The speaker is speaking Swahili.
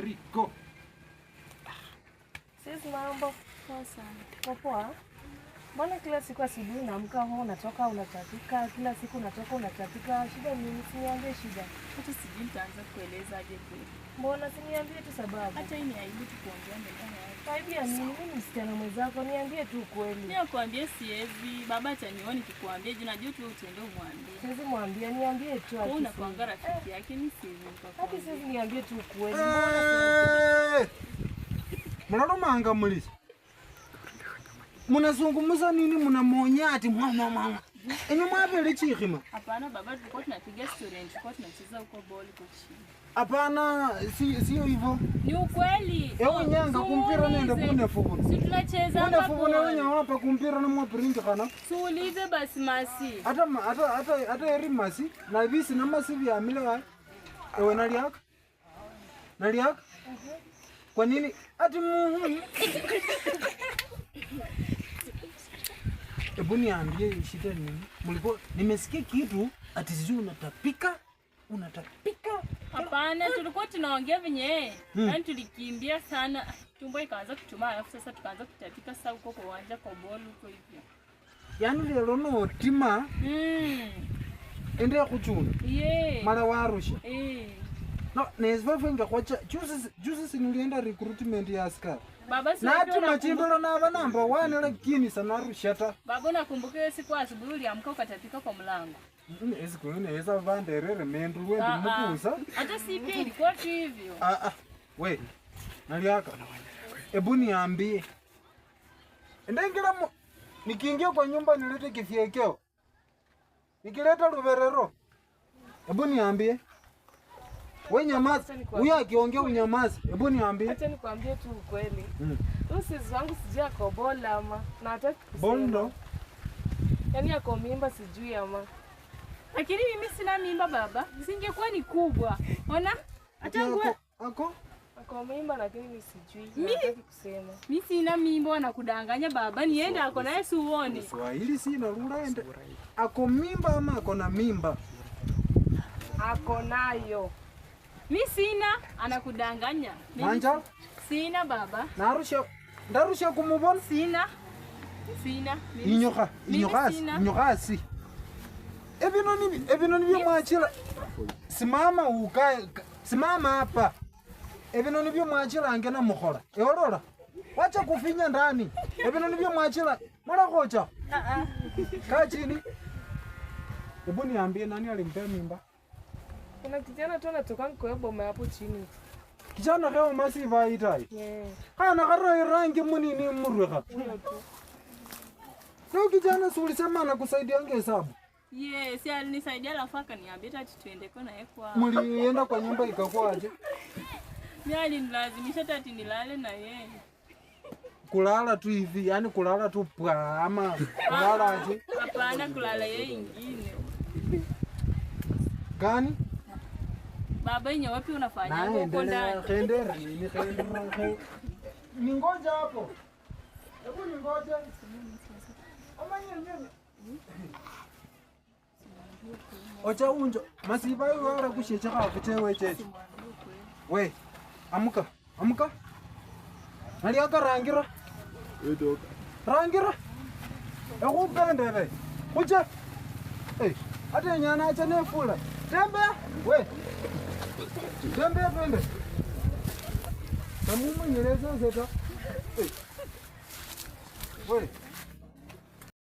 rico Sisi mambo poa sana. poa. Mbona kila siku asubuhi unaamka huko unatoka unatapika, kila siku unatoka unatapika, shida ni nini? Niambie shida. Hata sijui nitaanza aje kweli. Mbona siniambie tu sababu? Hata hii ni aibu tu kuongea mbele yako. Aibu ya nini? Mimi msichana mwenzako, niambie tu kweli. Mimi nakwambia siwezi. Baba atanioni kukuambia, jina juu tu utende umwambie. Siwezi mwambia, niambie tu. Wewe unakuanga rafiki yake, mimi siwezi nikakwambia. Hata siwezi niambie tu kweli. Mbona eh! mnanomanga mlisi? Munazungumza nini? Mnamuonya ati mwana mama. Eno mwapele chihima. Hapana baba, tulikuwa tunapiga story and tulikuwa tunacheza huko ball kwa chini. Hapana, si sio hivyo. Ni ukweli. Ewe oh, nyanga kumpira nenda kune fuvu. Si tunacheza hapa. Kune fuvu na wenye hapa kumpira na mwa print kana. Suulize basi masi. Hata hata hata hata eri masi na visi na masi vya amile wa. Ewe nali haka? Nali haka? Kwa nini? Ati muhimu. Hebu niambie shida nini? Mlikuwa nimesikia kitu ati sijui unatapika, unatapika. Hapana, tulikuwa tunaongea venye hmm. Yaani tulikimbia sana, tumbo ikaanza kutuma, alafu sasa tukaanza kutapika sasa huko kwa uwanja kwa bolu huko hivyo. Yaani lelo no tima. Mm. Ende ya kuchuna. Yeah. Mara wa Arusha. Eh. Yeah. No, kwa ingakwacha juzi juzi singeenda recruitment ya askari na nati machimbilo nava namba wani lakini sanarushata baba nakumbuka iyo siku asubuhi uliamka ukatapika kwa mlango esiku vande vanderere mendu wendi ah, ah. mukusa hata sipendi kwetu hivyo ah, we naliaka ebu niambie mu nikiingia kwa nyumba nilete kifyekeo nikileta luverero ebu niambie wewe nyamaza. Huyo akiongea unyamaza. Hebu niambie. Acha nikwambie tu ukweli. Mm. Usi zangu sijui akobola ama na hata Bondo. Yaani ako mimba sijui ama. Lakini mimi sina mimba baba. Singekuwa ni kubwa. Ona? Acha nguo. Ako? Ako mimba lakini mimi sijui. Mimi hataki kusema. Mimi sina mimba na kudanganya baba. Niende ako na Yesu uone. Swahili si na narura ende. Ako mimba ama ako na mimba? Ako nayo. Mi sina, anakudanganya. Manja? Sina baba. Narusha. Ndarusha kumubon? Sina. Sina. Inyoka, inyoka, inyoka si. Ebino nini? Ebino nibyo mwachila. Simama ukae. Simama hapa. Ebino nibyo mwachila angena mukhola. Eorora. Wacha kufinya ndani. Ebino nibyo mwachila. Mara kocha. Ah, ah. Kaa chini. Hebu niambie nani alimpea mimba? Kuna kijana tu anatoka kwa boma hapo chini. Kijana leo masiva aitai. Yeah. Hana karo rangi muni ni murwe ka. Leo kijana suli sema na kusaidia ange hesabu. Yes, yeah, alinisaidia lafu akaniambia ati tuende kona naye kwa. Mlienda kwa nyumba ikakwaje? Mimi alinilazimisha ati nilale na yeye. Kulala tu hivi, yani kulala tu pwa ama kulala aje? Hapana, kulala yeye ingine. Gani? Baba yenye wapi unafanya huko ndani? Kaendera. Ni kaendera. Ni ngoja hapo. Hebu ni ngoja. Ama nyinyi Ocha unjo masiba hiyo wara kushecha kwa We, amuka, amuka. Nali aka rangira. Edoka. Rangira. Ekupende be. Kuche. Eh, hey. ate nyana acha nefula. Tembea. We. 真别问了，咱们问你来着，这个，喂。